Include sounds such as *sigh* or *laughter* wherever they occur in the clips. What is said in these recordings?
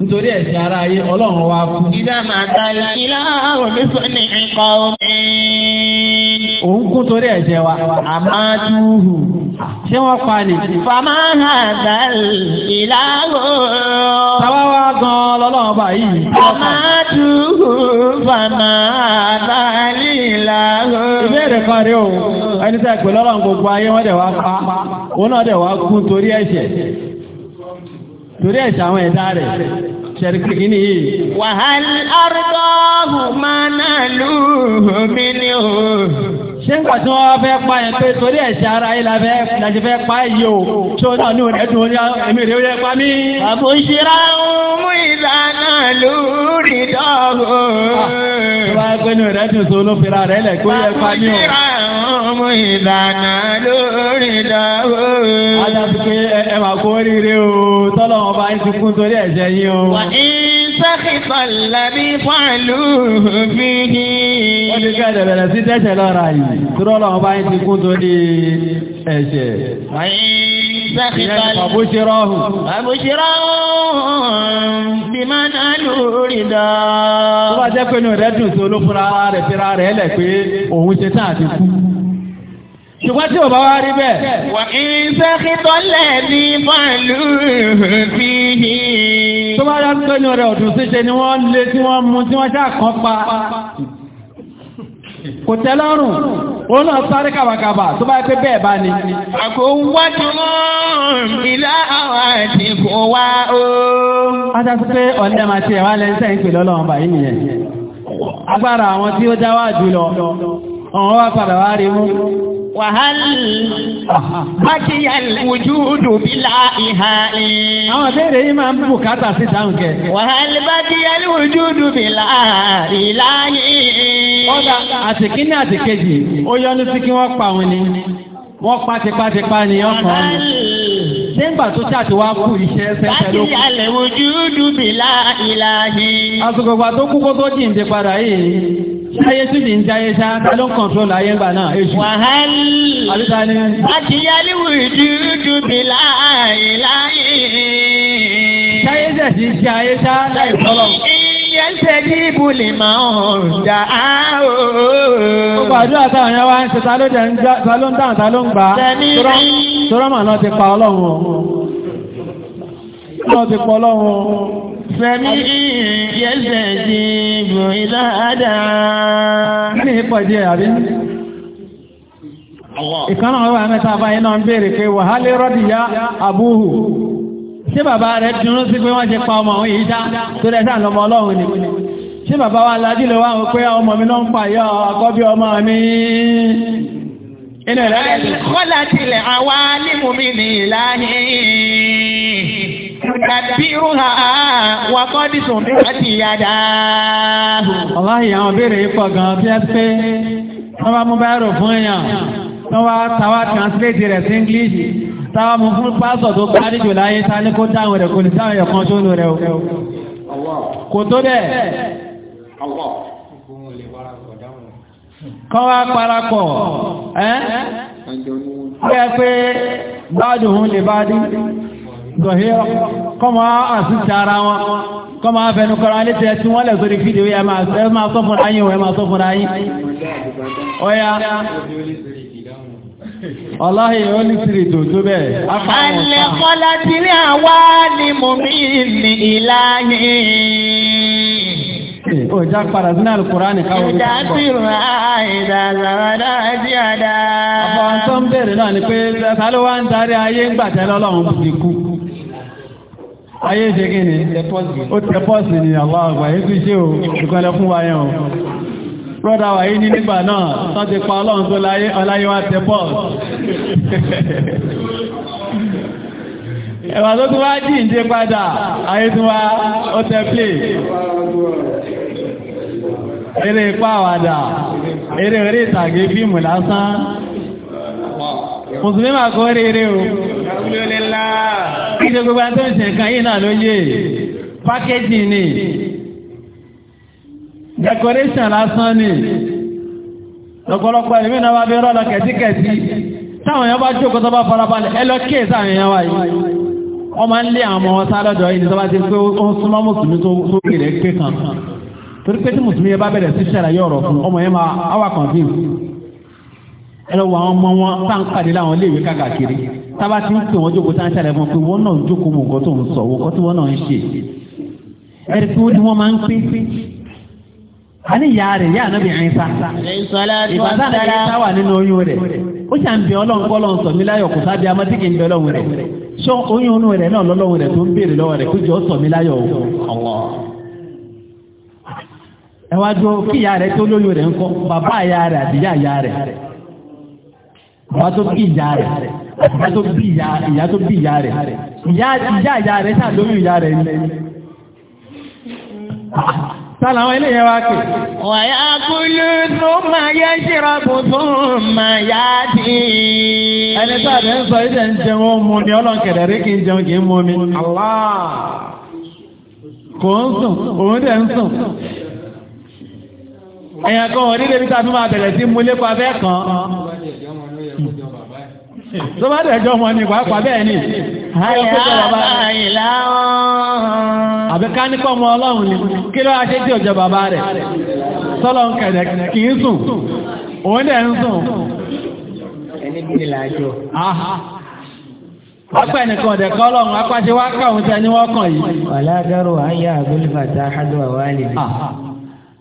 nítorí ẹ̀sìn ara ayé ọlọ́run wa fún. ìdá máa ta ìṣílá òní sọ ní nǹkan omi. òun kún torí ẹ̀jẹ̀ wa àmọ́ túhù ṣé wọ́n pa ni. fama ha ta ìlàgò. sábà wá gan lọ́lọ́run bá yìí. fama túhù fama ta ìlàgò. ìbéèrè kan rí o ẹni tẹ́ pé lọ́lọ́run gbogbo ayé wọ́n dẹ̀ wá pa òun náà dẹ̀ wá kún torí ẹ̀jẹ̀ torí ẹ̀ṣẹ̀ àwọn ẹ̀dá rẹ̀ ṣẹ̀rìkì kìíní yìí. wàhálì arúgbó mánà lù mí ni o. ṣé ń pàtó wọn fẹ́ pa ẹ̀ pé torí ẹ̀ṣẹ̀ ara yìí láti fẹ́ pa yìí o tó náà ní òní ẹ̀dùn oníyà èmi rèé rẹ̀ pa mí. àbòṣírà mú ìlànà lórí dọ́gò. Ah, wọ́n á gbé ní ìrẹ́dùn tó ló fira rẹ̀ lẹ̀ kó yẹ pa mí o. àbòṣírà mú ìlànà lórí dọ́gò. alábìkẹ́ ẹ máa kó oríire o ọlọ́run bá ń sunkún torí ẹ̀ṣẹ̀ yín o. wà ní sẹ́kìtọ̀ lẹ́bí pàlú fi hí. wọ́n ti kẹ́ ẹ̀dẹ̀bẹ̀rẹ̀ sí tẹ́sẹ̀ lọ́ra yìí torí ọlọ́run bá ń sunkún torí ẹ̀ṣẹ̀. wà ní sẹ́kìtọ̀ lẹ́bí pàlú fi hí. àbùsírọ́ bí máa ń lò rí dá. tó bá jẹ́ pé inú rẹ̀ dùn sí olófin ara rẹ̀ fira rẹ̀ lẹ̀ pé òun ṣe tán àti kú ṣùgbọ́n tí ò bá wá rí bẹ́ẹ̀. wà á kí tọ́lẹ̀ ní pàlú fi hì. tó bá dá tó ní ọ̀rẹ́ ọ̀dùn síṣe ni wọ́n lé tí wọ́n mú tí wọ́n ṣàkàn pa. kò tẹ́ lọ́rùn òun náà sáré kàbàkàbà tó bá pé bẹ́ẹ̀ bá ní. àgọ́ wájú ìlà àwọn àti kò o. a ṣe pé ọ̀lẹ́ màá ti ẹ̀wá lẹ́sẹ̀ ń pè lọ́lọ́run àwọn wá padà wá rí mú. wàhálì bákíyà wùjúdù bílá ìhà ì. àwọn ìbéèrè yìí máa ń bùkátà sí dáhùn kẹ. wàhálì bákíyà wùjúdù bílá ìlà ì. wọ́n pa ni wọ́n pátipátipá ni ọkàn ọ̀nà. tó ṣàti wá kú iṣẹ́ fẹ́fẹ́ ló kú. Láti àlẹ̀wò júdú bìlá ìlàhí. Àsìkò tó kú kó tó jíǹde padà yìí ṣáyé sí ni ń jáyé ṣá ta ló ń kọ̀ntrol ayé ńgbà náà èṣù. wàhálì àbíta ni. àti yálíwò bí láàyè láàyè. ṣáyé sẹ̀ sí ṣe ayé ṣá láì sọ́lọ̀. iye ṣe kí ibùlì máa ń dà á o. gbogbo táwọn yẹn wá ń ṣe ta ló ń dáhùn ta ló ń gbà. tọ́rọ́mà náà ti pa ọlọ́run. náà ti pa ọlọ́run sẹ́mi yẹ́sẹ̀ sí ibù ìdáadá. Ní ìpọ̀jì àbí? Ìkan náà wà mẹ́ta báyìí náà ń béèrè pé wàhálẹ́ rọ́dìyá àbúhù. Ṣé bàbá rẹ̀ dúró sí pé wọ́n ṣe pa ọmọ òun yìí dá tó rẹ̀ sáà lọ́mọ ọlọ́run ni? Ṣé bàbá wa lajú lè wá pé ọmọ mi náà ń pààyọ àkọ́bí ọmọ mi? Inú ìlànà ìlànà. Kọ́lá tilẹ̀ àwa ní mú mi ní ìlànà. Kàbírù ha wà kọ́ ní sùn bí wọ́n ti yá dáa. ọláyìn àwọn béèrè yìí pọ̀ gan-an bí ẹ pé wọ́n bá mú báyìí fún èèyàn wọ́n wá tàwa translate rẹ̀ sí English tàwa mú fún pásọ̀ tó parí jù láyé ta ní kó dáhùn rẹ̀ kò ní sáwọn èèyàn kan tó lò rẹ̀ o. kò tó dẹ̀ kọ́ wá parapọ̀ ẹ́ pé báàdùn lè bá dín gọ̀hírọ̀ kọ́mọ àtúntì ara wọn kọ́mọ afẹnu kọ́ra létí tí wọ́n lẹ̀ sórí fídíò ẹ máa sọ fún ayé ẹ máa sọ fún ayé ọ̀yà Ọláhì ó tó tó bẹ́ẹ̀. Alẹ́ kọ́lá ti rí àwa ni mo mí ní ìlànà. Ó já padà sínú àlùkùránì káwọn olùkọ́. Ìdásírò àìdàzàwádà àti àdá. Ọ̀pọ̀ àwọn ń bèèrè náà ni pé ta ló ń darí ayé ń gbàtẹ́ lọ́lọ́run ti kú. ayé ṣe kí ni ó tẹ pọ́ọ̀sì ni àwọn àgbà yìí tún ṣe o ìkọlẹ̀ fún wa yẹn o brọ́dà wà yìí ní nígbà náà tán ti pa ọlọ́run tó láyé wá tẹ pọ́ọ̀sì ẹ̀wà tó tún wá jí ìdí padà ayé tún wá ó tẹ plé eré ipá eré ìtàgé fíìmù lásán mùsùlùmí máa kọ́ rere o. kí ṣe gbogbo àti oṣù kan yìí náà ló yé pákéjì ni decoration lásán ni lọ́pọ̀lọpọ̀ ẹ̀mí náà wá bí rọ́ọ̀lọ́ kẹ̀tíkẹ̀tí táwọn èèyàn bá jókòó tó bá farabalẹ̀ ẹ lọ kíyè sáwọn èèyàn wáyé wọ́n máa ń lé àwọn ọmọ wọn sálọ́dọ̀ yìí ní tó bá ti pé ó ń súnmọ́ mùsùlùmí tó kéré pé kan torí pé tí mùsùlùmí yẹn bá bẹ̀rẹ̀ sí ṣàlàyé ọ̀rọ̀ fún ọmọ yẹn máa wà confused ẹ̀rọ wà wọn mọ wọn tá à ń pàdé láwọn iléèwé káàkiri tábà tí ń pè wọ́n jókòó tá à ń ṣàlẹ̀ fún pé wọ́n náà ń jókòó mọ̀ nǹkan tó ń sọ wọ́n kọ́ tí wọ́n náà ń ṣe ẹ̀rí tí wọ́n máa ń pín ani ìyá rẹ̀ ìyá ànábì ẹ̀ńsá. ìbàdà rẹ̀ ẹ̀ńsá wà nínú oyún rẹ̀. ó ṣà ń bẹ ọlọ́run kọ́lọ́run sọ̀mí láyọ̀ kò sábẹ́ amọ́ tí kì í bẹ ọlọ́run rẹ̀. ṣọ́ oyún inú náà lọ́lọ́run rẹ̀ tó ń béèrè lọ́wọ́ rẹ̀ kó jọ sọ̀mí láyọ̀ o. ẹ wá jọ kí ìyá rẹ̀ tó lóyún rẹ̀ ńkọ́ bàbá ìyá rẹ̀ àti ìyá ìyá wàá tó bí ìyá rẹ̀ ìyá tó bí ìyá ìyá tó bí ìyá rẹ̀ ìyá ìyá ìyá rẹ̀ sáà lórí ìyá rẹ̀ ńlẹ̀ sálà àwọn ilé yẹn wá pè. wàyà kúlù tó máa yá ṣírọ́bù tó máa yá dì í. ẹni tó àbẹ̀ ń sọ ilé ń jẹun ó mu ọlọ́kẹ̀dẹ̀ rí kí n jẹun kì í mu mi. kò ń sùn òun dẹ̀ ń sùn. èèyàn kan wọ̀ nílé bí tá máa bẹ̀rẹ̀ sí mu lépa bẹ́ẹ̀ kan tó bá dẹ̀jọ́ ọmọ ni pàápàá bẹ́ẹ̀ ni àbíká ní kọ́ ọmọ ọlọ́run ni kí ló aṣe tí ọjọ́ bàbá rẹ̀ sọ́lọ́ ń kẹ̀dẹ̀ kì í sùn òun dẹ̀ ń sùn ẹni bí ìlàjò Apẹ́ nìkan ọ̀dẹ̀ kọ́ lọ́run apáṣẹ wá káwọn tẹ ní wọ́n kàn yìí. Wàlá dárò ayé àgbélfàtà àdúrà wálé.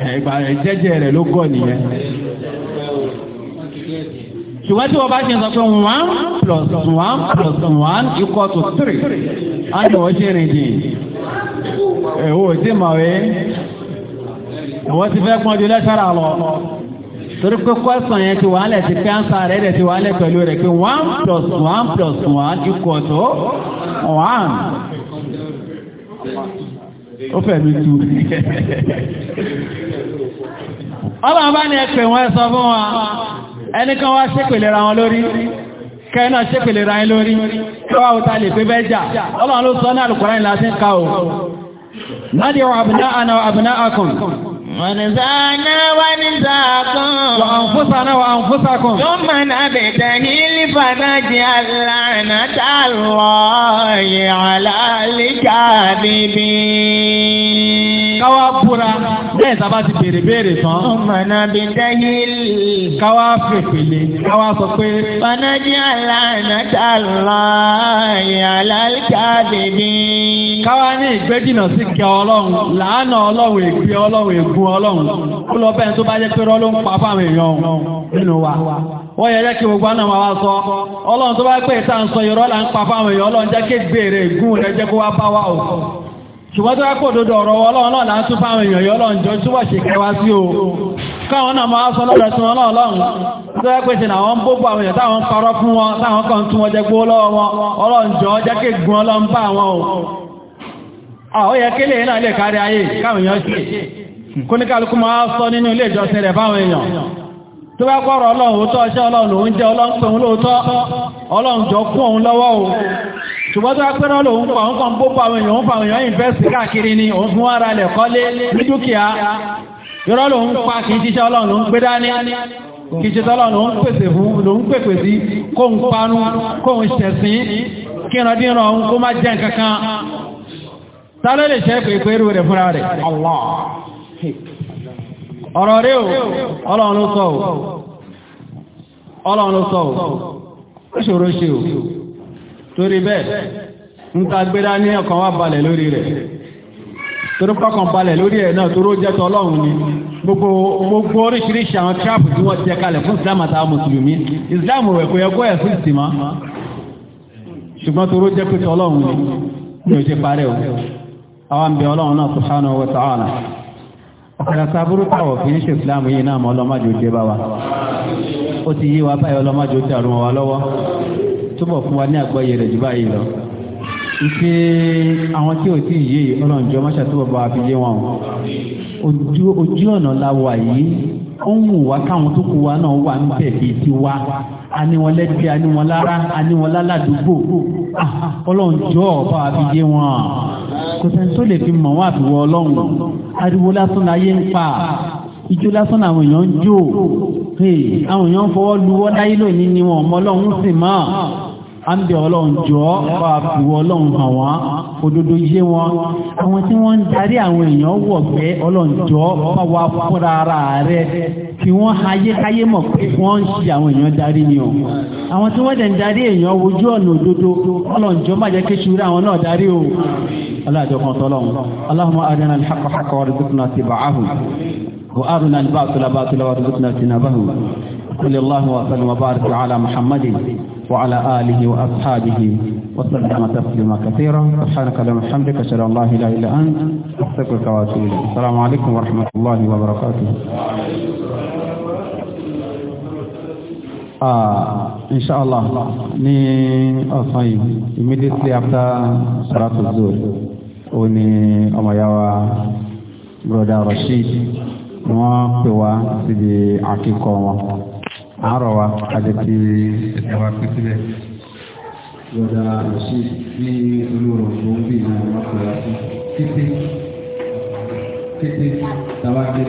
jẹ́jẹ́ rẹ̀ ló gọ̀ nìyẹn. ṣùgbọ́n tí wọ́n bá ṣe sọ pé one plus one plus one equal to three á ní wọ́n ṣe rìn jìn. ẹ̀wọ́ ò tí mọ̀ wé ẹ̀wọ́ ti fẹ́ pọ́n ju lẹ́sàrà lọ. torí pé kọ́sàn yẹn ti wàhálẹ̀ ti pé ánsá rẹ̀ rẹ̀ ti wàhálẹ̀ pẹ̀lú rẹ̀ pé one plus one plus one equal to one ó fẹ̀ mi tu. *laughs* ọba bá ní ẹ̀pẹ̀ wọn ẹ̀sọ fún wa ẹnìkan wá ṣépèlè ra wọn lórí kẹ́ẹ̀nà ṣépèlè ra yín lórí kíwá òta lè pé bẹ́ ọlọ́run ló sọ ní àlùkùránì láti ká o náàdì wọn àna akùn lẹ́yìn tá a bá ti béèrè béèrè tán. ọmọnà bí dẹ́yìlì. káwá fèpèlè káwá sọ pé. fanají aláàánà tá a lọ àyàlálíkà bèbí. káwá ní ìgbéjìnà sí kẹ ọlọ́run làánà ọlọ́run ègbé ọlọ́run ègún ọlọ́run ó lọ bẹ́ẹ̀ tó bá jẹ́ pé rọ́ ló ń pa fáwọn èèyàn nínú wa wọ́n yẹ kí gbogbo àná máa wá sọ ọlọ́run tó bá pè tá à ń sọ ìrọ́lá ń pa fáwọn èèyàn ọlọ́run jẹ́ ṣùgbọ́n tó wákò dodo ọ̀rọ̀ ọlọ́run náà láti fáwọn èèyàn njọ lọ́njọ́ túbọ̀ ṣe kẹwa sí o káwọn náà máa sọ lọ́rọ̀ tí wọ́n náà lọ́run tó wẹ́ pèsè náà gbogbo àwọn èèyàn táwọn parọ́ fún wọn táwọn kan tún wọn jẹ gbó lọ́wọ́ wọn ọlọ́njọ́ jẹ́ kí bá wọn o àwọn yẹ kí náà lè kárí ayé káwọn èèyàn ṣùgbọ́n tó apẹ́rẹ́ lòun pa òun kan bó pa àwọn èèyàn òun pa àwọn èèyàn ìfẹ́sì káàkiri ni òun fún ara rẹ̀ kọ́lé ní dúkìá yọrọ lòun pa kì í ṣiṣẹ́ ọlọ́run lòun gbé dání kì í ṣe tọ́lọ́ lòun pèsè fún lòun pèpè sí kóun panu kóun ṣẹ̀sìn kí ìrandínran òun kó má jẹ́ nǹkan kan ta ló lè ṣe pé pẹ́rù rẹ̀ fúnra rẹ̀ ọ̀rọ̀ rẹ̀ o ọlọ́run ló sọ o ọlọ́run ló sọ o ó ṣòro ṣe o. torí bẹ́ẹ̀ ń ta gbéra ní ọkàn wa balẹ̀ lórí rẹ̀ torí pọ́kàn balẹ̀ lórí ẹ̀ náà toró jẹ́ ọlọ́run ni gbogbo oríṣiríṣi àwọn tíráàpù tí wọ́n fún islam àtàwọn mùsùlùmí islam rẹ̀ kò yẹ kó ẹ̀ fún ìsìnmá ṣùgbọ́n jẹ́ pé ni ní parẹ́ o àwọn àmì ọlọ́run náà túbọ̀ fún wa ní àgbọ́yé rẹ̀ jù báyìí lọ ìpè àwọn tí ò tí ì yé ọlọ́njọ́ máṣà túbọ̀ bá wa fi yé wọn ojú ọ̀nà la wà yìí ó ń wù wá káwọn tó kù wá náà wà ń bẹ̀ bíi ti wá aniwọn lẹ́gbẹ̀ẹ́ aniwọn lára aniwọn láládùúgbò ah, ọlọ́njọ́ bá wa fi yé wọn kò sẹ́ni tó lè fi mọ̀ wọ́n àfiwọ́ ọlọ́run ariwo lásán láyé ń pa ijó lásán làwọn èèyàn ń jó àwọn èèyàn fọwọ́ luwọ́ láyé lónìí ni wọn ọmọ ọlọ́run sì máa àǹbẹ̀ ọlọ́run jọ bá fìwọ́ ọlọ́run hàn wọ́n òdodo yé wọn àwọn tí wọ́n ń darí àwọn èèyàn wọ̀gbẹ́ ọlọ́run jọ bá wa fúnra ara rẹ kí wọ́n ayékáyé mọ̀ pé wọ́n ń ṣe àwọn èèyàn darí ni o àwọn tí wọ́n dẹ̀ ń darí èèyàn wojú ọ̀nà òdodo ọlọ́run jọ má jẹ́ kí ṣúrí àwọn náà darí o aláàjọ kan tọ́lọ́run Allahumma arina al-haqqa haqqan صلى الله وسلم وبارك على محمد وعلى آله وأصحابه وسلم تسليما كثيرا سبحانك اللهم وبحمدك أشهد أن لا إله إلا أنت أستغفرك وأتوب إليك السلام عليكم ورحمة الله وبركاته Ah, inshallah ní ọ̀sán yìí immediately after salatu zuhr ó ní ọmọ ya wa broda Rasheed wọ́n pè wá síbi àárọ̀ wa àdètì ẹ̀wà pípẹ́ lọ́dà àṣì ní olóró tó ń bí ìlú ọkùnrin títí títí tàbá dé